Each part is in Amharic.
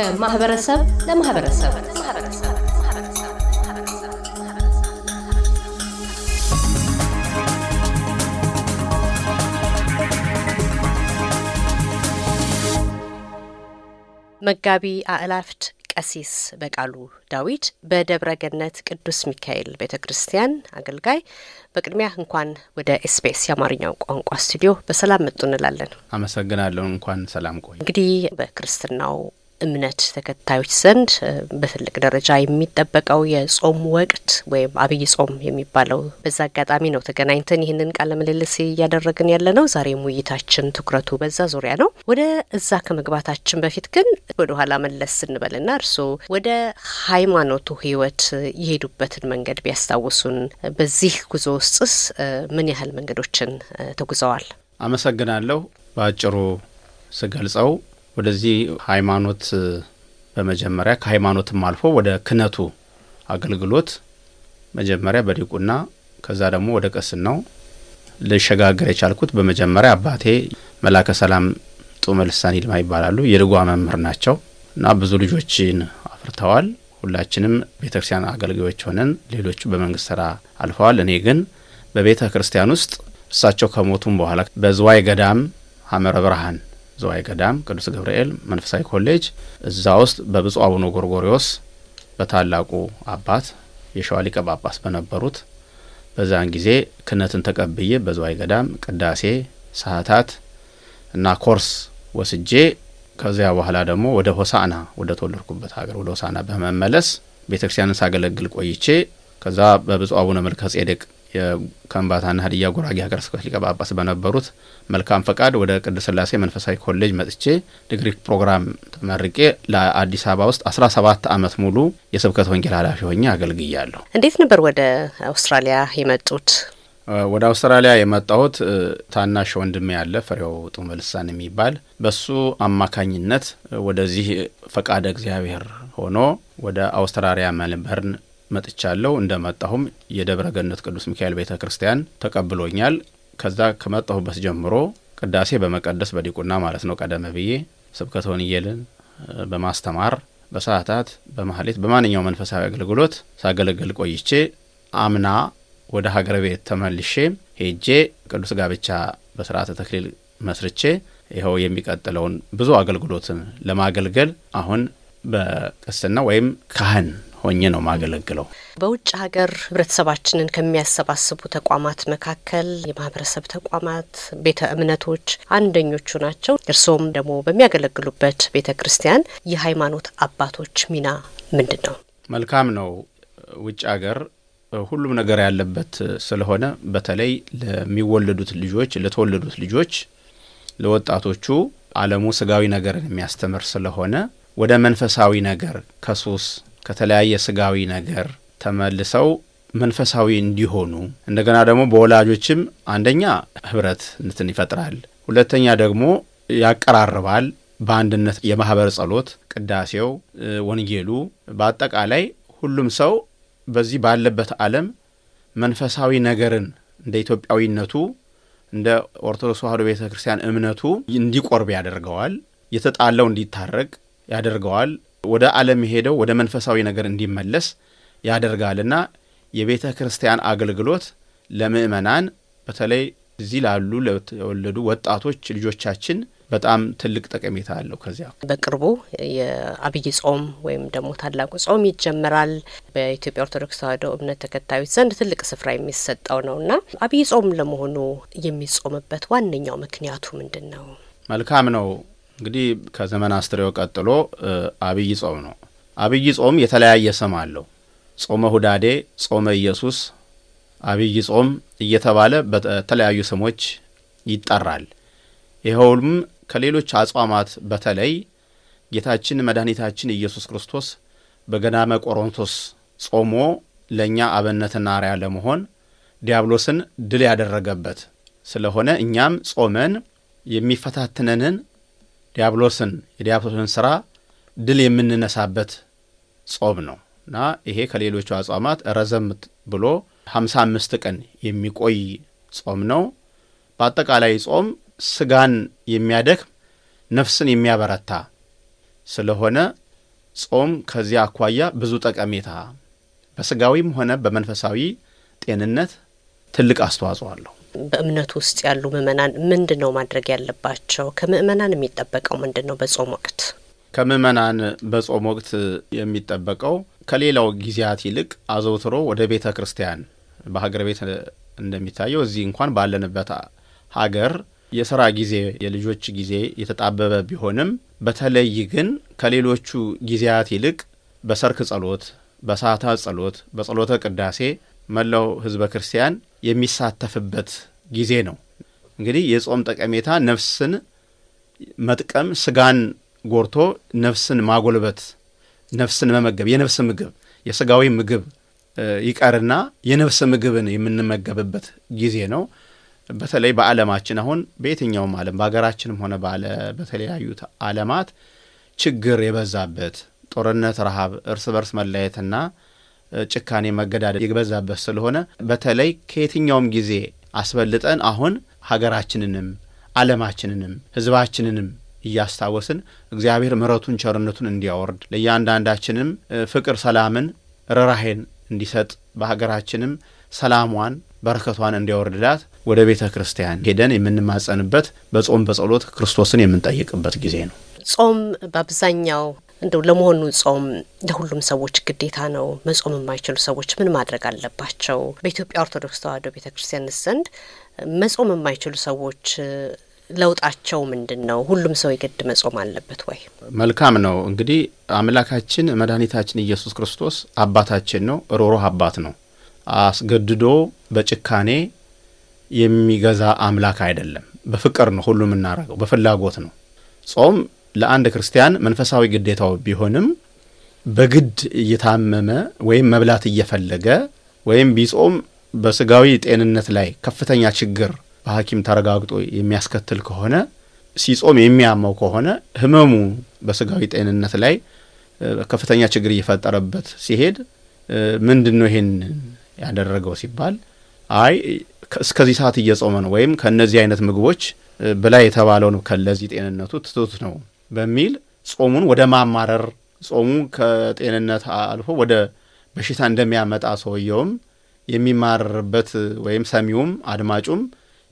ከማህበረሰብ ለማህበረሰብ መጋቢ አእላፍት ቀሲስ በቃሉ ዳዊት በደብረ ገነት ቅዱስ ሚካኤል ቤተ ክርስቲያን አገልጋይ፣ በቅድሚያ እንኳን ወደ ኤስቢኤስ የአማርኛው ቋንቋ ስቱዲዮ በሰላም መጡ እንላለን። አመሰግናለሁ። እንኳን ሰላም ቆይ። እንግዲህ በክርስትናው እምነት ተከታዮች ዘንድ በትልቅ ደረጃ የሚጠበቀው የጾም ወቅት ወይም አብይ ጾም የሚባለው በዛ አጋጣሚ ነው ተገናኝተን ይህንን ቃለ ምልልስ እያደረግን ያለ ነው። ዛሬም ውይይታችን ትኩረቱ በዛ ዙሪያ ነው። ወደ እዛ ከመግባታችን በፊት ግን ወደ ኋላ መለስ ስንበልና እርስዎ ወደ ሃይማኖቱ ህይወት የሄዱበትን መንገድ ቢያስታውሱን። በዚህ ጉዞ ውስጥስ ምን ያህል መንገዶችን ተጉዘዋል? አመሰግናለሁ። በአጭሩ ስገልጸው ወደዚህ ሃይማኖት በመጀመሪያ ከሃይማኖትም አልፎ ወደ ክነቱ አገልግሎት መጀመሪያ በዲቁና ከዛ ደግሞ ወደ ቅስናው ልሸጋገር የቻልኩት በመጀመሪያ አባቴ መላከ ሰላም ጡመ ልሳን ይልማ ይባላሉ። የድጓ መምህር ናቸው እና ብዙ ልጆችን አፍርተዋል። ሁላችንም ቤተ ክርስቲያን አገልጋዮች ሆነን፣ ሌሎቹ በመንግስት ስራ አልፈዋል። እኔ ግን በቤተ ክርስቲያን ውስጥ እሳቸው ከሞቱም በኋላ በዝዋይ ገዳም አመረ ብርሃን ዘዋይ ገዳም ቅዱስ ገብርኤል መንፈሳዊ ኮሌጅ እዛ ውስጥ በብፁዕ አቡነ ጎርጎሪዎስ በታላቁ አባት የሸዋ ሊቀ ጳጳስ በነበሩት በዛን ጊዜ ክህነትን ተቀብዬ በዘዋይ ገዳም ቅዳሴ፣ ሰዓታት እና ኮርስ ወስጄ ከዚያ በኋላ ደግሞ ወደ ሆሳና ወደ ተወለድኩበት ሀገር ወደ ሆሳና በመመለስ ቤተ ክርስቲያንን ሳገለግል ቆይቼ ከዛ በብፁዕ አቡነ መልከ ጼዴቅ የከንባታና ሀዲያ ጉራጌ ሀገረ ስብከት ሊቀ ጳጳስ በነበሩት መልካም ፈቃድ ወደ ቅድስት ሥላሴ መንፈሳዊ ኮሌጅ መጥቼ ዲግሪ ፕሮግራም ተመርቄ ለአዲስ አበባ ውስጥ አስራ ሰባት አመት ሙሉ የስብከት ወንጌል ኃላፊ ሆኜ አገልግያለሁ። እንዴት ነበር ወደ አውስትራሊያ የመጡት? ወደ አውስትራሊያ የመጣሁት ታናሽ ወንድሜ ያለ ፍሬው ጡመልሳን የሚባል በሱ አማካኝነት ወደዚህ ፈቃደ እግዚአብሔር ሆኖ ወደ አውስትራሊያ መልበርን መጥቻለሁ። እንደመጣሁም የደብረ ገነት ቅዱስ ሚካኤል ቤተ ክርስቲያን ተቀብሎኛል። ከዛ ከመጣሁበት ጀምሮ ቅዳሴ በመቀደስ በዲቁና ማለት ነው ቀደም ብዬ ስብከተ ወንጌልን በማስተማር በሰዓታት በማህሌት በማንኛው መንፈሳዊ አገልግሎት ሳገለግል ቆይቼ አምና ወደ ሀገር ቤት ተመልሼ ሄጄ ቅዱስ ጋብቻ በስርዓተ ተክሊል መስርቼ ይኸው የሚቀጥለውን ብዙ አገልግሎትን ለማገልገል አሁን በቅስና ወይም ካህን ሆኜ ነው ማገለግለው። በውጭ ሀገር ህብረተሰባችንን ከሚያሰባስቡ ተቋማት መካከል የማህበረሰብ ተቋማት፣ ቤተ እምነቶች አንደኞቹ ናቸው። እርስዎም ደግሞ በሚያገለግሉበት ቤተ ክርስቲያን የሃይማኖት አባቶች ሚና ምንድን ነው? መልካም ነው። ውጭ ሀገር ሁሉም ነገር ያለበት ስለሆነ በተለይ ለሚወለዱት ልጆች፣ ለተወለዱት ልጆች፣ ለወጣቶቹ ዓለሙ ስጋዊ ነገርን የሚያስተምር ስለሆነ ወደ መንፈሳዊ ነገር ከሱስ ከተለያየ ስጋዊ ነገር ተመልሰው መንፈሳዊ እንዲሆኑ እንደገና ደግሞ በወላጆችም አንደኛ ህብረትነትን ይፈጥራል፣ ሁለተኛ ደግሞ ያቀራርባል። በአንድነት የማህበር ጸሎት፣ ቅዳሴው፣ ወንጌሉ በአጠቃላይ ሁሉም ሰው በዚህ ባለበት ዓለም መንፈሳዊ ነገርን እንደ ኢትዮጵያዊነቱ እንደ ኦርቶዶክስ ተዋህዶ ቤተ ክርስቲያን እምነቱ እንዲቆርብ ያደርገዋል። የተጣለው እንዲታረቅ ያደርገዋል። ወደ ዓለም ሄደው ወደ መንፈሳዊ ነገር እንዲመለስ ያደርጋልና የቤተ ክርስቲያን አገልግሎት ለምእመናን በተለይ እዚህ ላሉ ለተወለዱ ወጣቶች ልጆቻችን በጣም ትልቅ ጠቀሜታ አለው። ከዚያ በቅርቡ የአብይ ጾም ወይም ደግሞ ታላቁ ጾም ይጀመራል። በኢትዮጵያ ኦርቶዶክስ ተዋሕዶ እምነት ተከታዮች ዘንድ ትልቅ ስፍራ የሚሰጠው እና አብይ ጾም ለመሆኑ የሚጾምበት ዋነኛው ምክንያቱ ምንድን ነው? መልካም ነው። እንግዲህ ከዘመን አስተርእዮ ቀጥሎ አብይ ጾም ነው። አብይ ጾም የተለያየ ስም አለው። ጾመ ሁዳዴ፣ ጾመ ኢየሱስ፣ አብይ ጾም እየተባለ በተለያዩ ስሞች ይጠራል። ይኸውም ከሌሎች አጽዋማት በተለይ ጌታችን መድኃኒታችን ኢየሱስ ክርስቶስ በገዳመ ቆሮንቶስ ጾሞ ለእኛ አብነትና አርያ ለመሆን ዲያብሎስን ድል ያደረገበት ስለሆነ እኛም ጾመን የሚፈታትነንን ዲያብሎስን የዲያብሎስን ስራ ድል የምንነሳበት ጾም ነው እና ይሄ ከሌሎቹ አጽዋማት ረዘም ብሎ 55 ቀን የሚቆይ ጾም ነው። በአጠቃላይ ጾም ስጋን የሚያደክም ነፍስን የሚያበረታ ስለሆነ ጾም ከዚያ አኳያ ብዙ ጠቀሜታ በስጋዊም ሆነ በመንፈሳዊ ጤንነት ትልቅ አስተዋጽኦ አለው። በእምነት ውስጥ ያሉ ምእመናን ምንድን ነው ማድረግ ያለባቸው? ከምእመናን የሚጠበቀው ምንድን ነው በጾም ወቅት? ከምእመናን በጾም ወቅት የሚጠበቀው ከሌላው ጊዜያት ይልቅ አዘውትሮ ወደ ቤተ ክርስቲያን በሀገር ቤት እንደሚታየው እዚህ እንኳን ባለንበት ሀገር የስራ ጊዜ የልጆች ጊዜ የተጣበበ ቢሆንም በተለይ ግን ከሌሎቹ ጊዜያት ይልቅ በሰርክ ጸሎት፣ በሰዓታት ጸሎት፣ በጸሎተ ቅዳሴ መላው ህዝበ ክርስቲያን የሚሳተፍበት ጊዜ ነው። እንግዲህ የጾም ጠቀሜታ ነፍስን መጥቀም፣ ስጋን ጎርቶ ነፍስን ማጎልበት፣ ነፍስን መመገብ የነፍስ ምግብ የስጋዊ ምግብ ይቀርና የነፍስ ምግብን የምንመገብበት ጊዜ ነው። በተለይ በዓለማችን አሁን በየትኛውም ዓለም በሀገራችንም ሆነ በተለያዩ ዓለማት ችግር የበዛበት ጦርነት፣ ረሃብ፣ እርስ በርስ መለየትና ጭካኔ፣ መገዳደል የበዛበት ስለሆነ በተለይ ከየትኛውም ጊዜ አስበልጠን አሁን ሀገራችንንም ዓለማችንንም ሕዝባችንንም እያስታወስን እግዚአብሔር ምሕረቱን ቸርነቱን እንዲያወርድ ለእያንዳንዳችንም ፍቅር፣ ሰላምን፣ ርኅራኄን እንዲሰጥ በሀገራችንም ሰላሟን በረከቷን እንዲያወርድላት ወደ ቤተ ክርስቲያን ሄደን የምንማጸንበት በጾም በጸሎት ክርስቶስን የምንጠይቅበት ጊዜ ነው። ጾም በአብዛኛው እንደው ለመሆኑ ጾም ለሁሉም ሰዎች ግዴታ ነው? መጾም የማይችሉ ሰዎች ምን ማድረግ አለባቸው? በኢትዮጵያ ኦርቶዶክስ ተዋሕዶ ቤተ ዘንድ መጾም የማይችሉ ሰዎች ለውጣቸው ምንድን ነው? ሁሉም ሰው የግድ መጾም አለበት ወይ? መልካም ነው። እንግዲህ አምላካችን መድኃኒታችን ኢየሱስ ክርስቶስ አባታችን ነው፣ ሮሮህ አባት ነው። አስገድዶ በጭካኔ የሚገዛ አምላክ አይደለም። በፍቅር ነው ሁሉም እናረገው፣ በፍላጎት ነው ጾም ለአንድ ክርስቲያን መንፈሳዊ ግዴታው ቢሆንም በግድ እየታመመ ወይም መብላት እየፈለገ ወይም ቢጾም በስጋዊ ጤንነት ላይ ከፍተኛ ችግር በሐኪም ተረጋግጦ የሚያስከትል ከሆነ ሲጾም የሚያመው ከሆነ ህመሙ በስጋዊ ጤንነት ላይ ከፍተኛ ችግር እየፈጠረበት ሲሄድ ምንድን ነው ይሄን ያደረገው ሲባል አይ እስከዚህ ሰዓት እየጾመ ነው ወይም ከእነዚህ አይነት ምግቦች የተባለው ነው ከለዚህ ጤንነቱ ትቶት ነው በሚል ጾሙን ወደ ማማረር ጾሙ ከጤንነት አልፎ ወደ በሽታ እንደሚያመጣ ሰውየውም የሚማርርበት ወይም ሰሚውም አድማጩም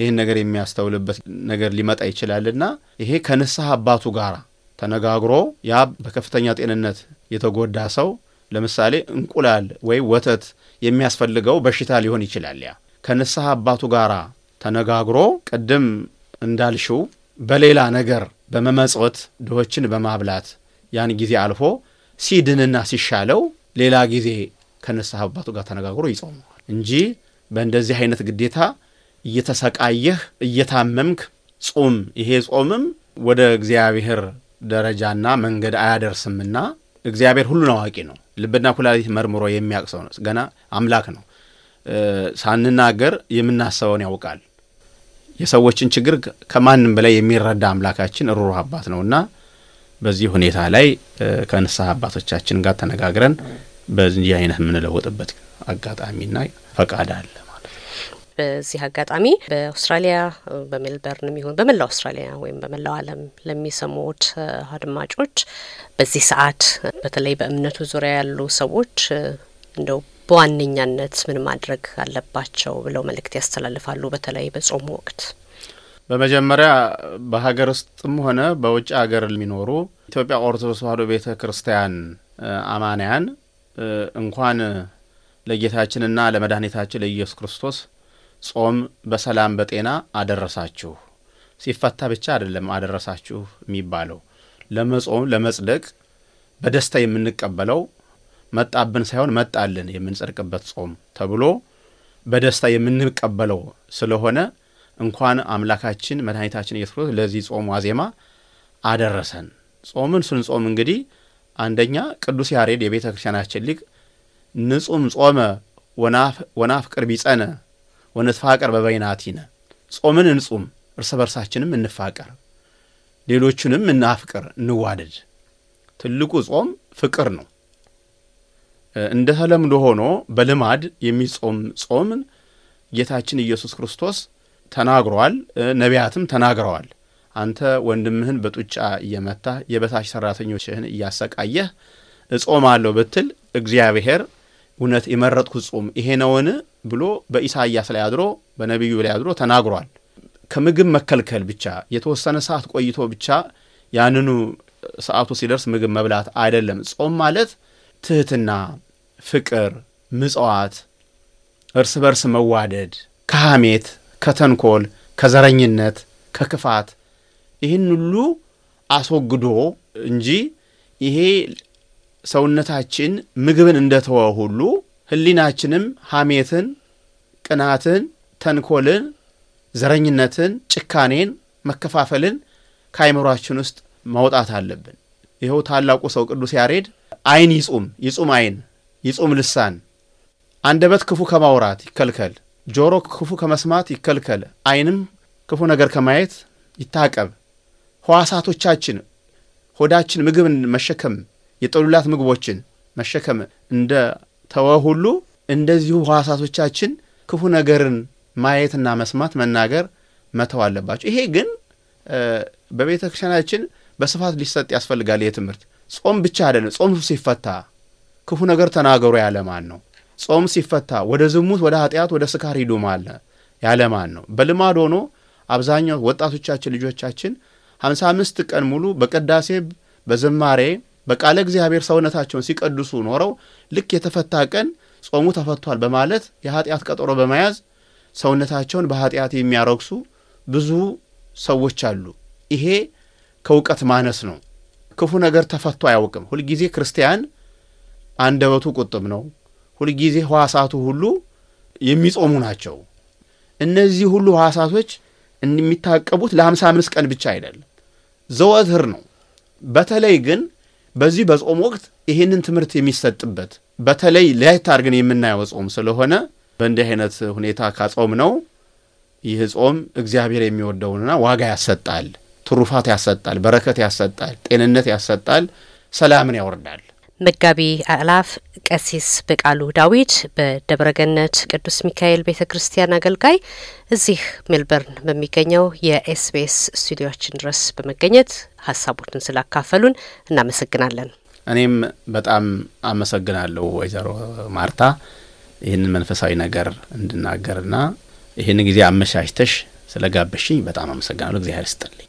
ይህን ነገር የሚያስተውልበት ነገር ሊመጣ ይችላልና ይሄ ከንስሐ አባቱ ጋር ተነጋግሮ ያ በከፍተኛ ጤንነት የተጎዳ ሰው ለምሳሌ እንቁላል ወይም ወተት የሚያስፈልገው በሽታ ሊሆን ይችላል። ያ ከንስሐ አባቱ ጋር ተነጋግሮ ቅድም እንዳልሽው በሌላ ነገር በመመጾት ድሆችን በማብላት ያን ጊዜ አልፎ ሲድንና ሲሻለው ሌላ ጊዜ ከንስሐ አባቱ ጋር ተነጋግሮ ይጾመዋል እንጂ በእንደዚህ አይነት ግዴታ እየተሰቃየህ እየታመምክ ጾም ይሄ ጾምም ወደ እግዚአብሔር ደረጃና መንገድ አያደርስምና እግዚአብሔር ሁሉን አዋቂ ነው። ልብና ኩላሊት መርምሮ የሚያውቅ ሰው ነው። ገና አምላክ ነው። ሳንናገር የምናስበውን ያውቃል። የሰዎችን ችግር ከማንም በላይ የሚረዳ አምላካችን ሩሩህ አባት ነውና በዚህ ሁኔታ ላይ ከንስሐ አባቶቻችን ጋር ተነጋግረን በዚህ አይነት የምንለወጥበት አጋጣሚና ፈቃድ አለ በዚህ አጋጣሚ በአውስትራሊያ በሜልበርን ይሁን በመላው አውስትራሊያ ወይም በመላው ዓለም ለሚሰሙት አድማጮች በዚህ ሰዓት በተለይ በእምነቱ ዙሪያ ያሉ ሰዎች እንደው በዋነኛነት ምን ማድረግ አለባቸው ብለው መልእክት ያስተላልፋሉ? በተለይ በጾሙ ወቅት በመጀመሪያ በሀገር ውስጥም ሆነ በውጭ ሀገር የሚኖሩ ኢትዮጵያ ኦርቶዶክስ ተዋሕዶ ቤተ ክርስቲያን አማንያን እንኳን ለጌታችንና ለመድኃኒታችን ለኢየሱስ ክርስቶስ ጾም በሰላም በጤና አደረሳችሁ። ሲፈታ ብቻ አይደለም አደረሳችሁ የሚባለው፣ ለመጾም ለመጽደቅ በደስታ የምንቀበለው መጣብን ሳይሆን መጣልን የምንጸድቅበት ጾም ተብሎ በደስታ የምንቀበለው ስለሆነ እንኳን አምላካችን መድኃኒታችን ኢየሱስ ክርስቶስ ለዚህ ጾም ዋዜማ አደረሰን። ጾምን ስንጾም እንግዲህ አንደኛ ቅዱስ ያሬድ የቤተ ክርስቲያናችን ሊቅ ንጹም ጾመ ወናፍቅር ቢጸነ ወንትፋቀር በበይናቲነ ጾምን እንጹም፣ እርስ በርሳችንም እንፋቀር፣ ሌሎቹንም እናፍቅር፣ እንዋደድ። ትልቁ ጾም ፍቅር ነው። እንደ ተለምዶ ሆኖ በልማድ የሚጾም ጾምን ጌታችን ኢየሱስ ክርስቶስ ተናግሯል፣ ነቢያትም ተናግረዋል። አንተ ወንድምህን በጡጫ እየመታህ የበታች ሠራተኞችህን እያሰቃየህ እጾማለሁ ብትል እግዚአብሔር እውነት የመረጥኩ ጾም ይሄ ነውን ብሎ በኢሳይያስ ላይ አድሮ በነቢዩ ላይ አድሮ ተናግሯል። ከምግብ መከልከል ብቻ የተወሰነ ሰዓት ቆይቶ ብቻ ያንኑ ሰዓቱ ሲደርስ ምግብ መብላት አይደለም ጾም ማለት ትሕትና፣ ፍቅር፣ ምጽዋት፣ እርስ በርስ መዋደድ ከሐሜት፣ ከተንኮል፣ ከዘረኝነት፣ ከክፋት ይህን ሁሉ አስወግዶ እንጂ ይሄ ሰውነታችን ምግብን እንደተወ ሁሉ ሕሊናችንም ሐሜትን፣ ቅናትን፣ ተንኮልን፣ ዘረኝነትን፣ ጭካኔን፣ መከፋፈልን ከአይምሯችን ውስጥ ማውጣት አለብን። ይኸው ታላቁ ሰው ቅዱስ ያሬድ አይን ይጹም ይጹም አይን ይጹም ልሳን። አንደበት ክፉ ከማውራት ይከልከል። ጆሮ ክፉ ከመስማት ይከልከል። አይንም ክፉ ነገር ከማየት ይታቀብ። ሕዋሳቶቻችን ሆዳችን ምግብን መሸከም የጠሉላት ምግቦችን መሸከም እንደ ተወ ሁሉ እንደዚሁ ሕዋሳቶቻችን ክፉ ነገርን ማየትና መስማት መናገር መተው አለባቸው። ይሄ ግን በቤተ ክርስቲያናችን በስፋት ሊሰጥ ያስፈልጋል ይህ ትምህርት። ጾም ብቻ አይደለም። ጾም ሲፈታ ክፉ ነገር ተናገሩ ያለማን ነው? ጾም ሲፈታ ወደ ዝሙት፣ ወደ ኃጢአት፣ ወደ ስካር ሂዱ ማለ ያለማን ነው? በልማድ ሆኖ አብዛኛው ወጣቶቻችን ልጆቻችን ሀምሳ አምስት ቀን ሙሉ በቅዳሴ በዝማሬ በቃለ እግዚአብሔር ሰውነታቸውን ሲቀድሱ ኖረው ልክ የተፈታ ቀን ጾሙ ተፈቷል በማለት የኃጢአት ቀጠሮ በመያዝ ሰውነታቸውን በኃጢአት የሚያረግሱ ብዙ ሰዎች አሉ። ይሄ ከእውቀት ማነስ ነው። ክፉ ነገር ተፈቶ አያውቅም። ሁልጊዜ ክርስቲያን አንደበቱ ቁጥብ ነው። ሁልጊዜ ሕዋሳቱ ሁሉ የሚጾሙ ናቸው። እነዚህ ሁሉ ሕዋሳቶች የሚታቀቡት ለሀምሳ አምስት ቀን ብቻ አይደለም፣ ዘወትር ነው። በተለይ ግን በዚህ በጾም ወቅት ይህንን ትምህርት የሚሰጥበት በተለይ ለየት አድርገን የምናየው ጾም ስለሆነ በእንዲህ አይነት ሁኔታ ካጾም ነው ይህ ጾም እግዚአብሔር የሚወደውንና ዋጋ ያሰጣል። ትሩፋት ያሰጣል፣ በረከት ያሰጣል፣ ጤንነት ያሰጣል፣ ሰላምን ያወርዳል። መጋቢ አላፍ ቀሲስ በቃሉ ዳዊት በደብረገነት ቅዱስ ሚካኤል ቤተ ክርስቲያን አገልጋይ እዚህ ሜልበርን በሚገኘው የኤስቢኤስ ስቱዲዮችን ድረስ በመገኘት ሀሳቦችን ስላካፈሉን እናመሰግናለን። እኔም በጣም አመሰግናለሁ ወይዘሮ ማርታ ይህንን መንፈሳዊ ነገር እንድናገርና ይህን ጊዜ አመቻችተሽ ስለጋበሽኝ በጣም አመሰግናለሁ። እግዚአብሔር ስጥልኝ።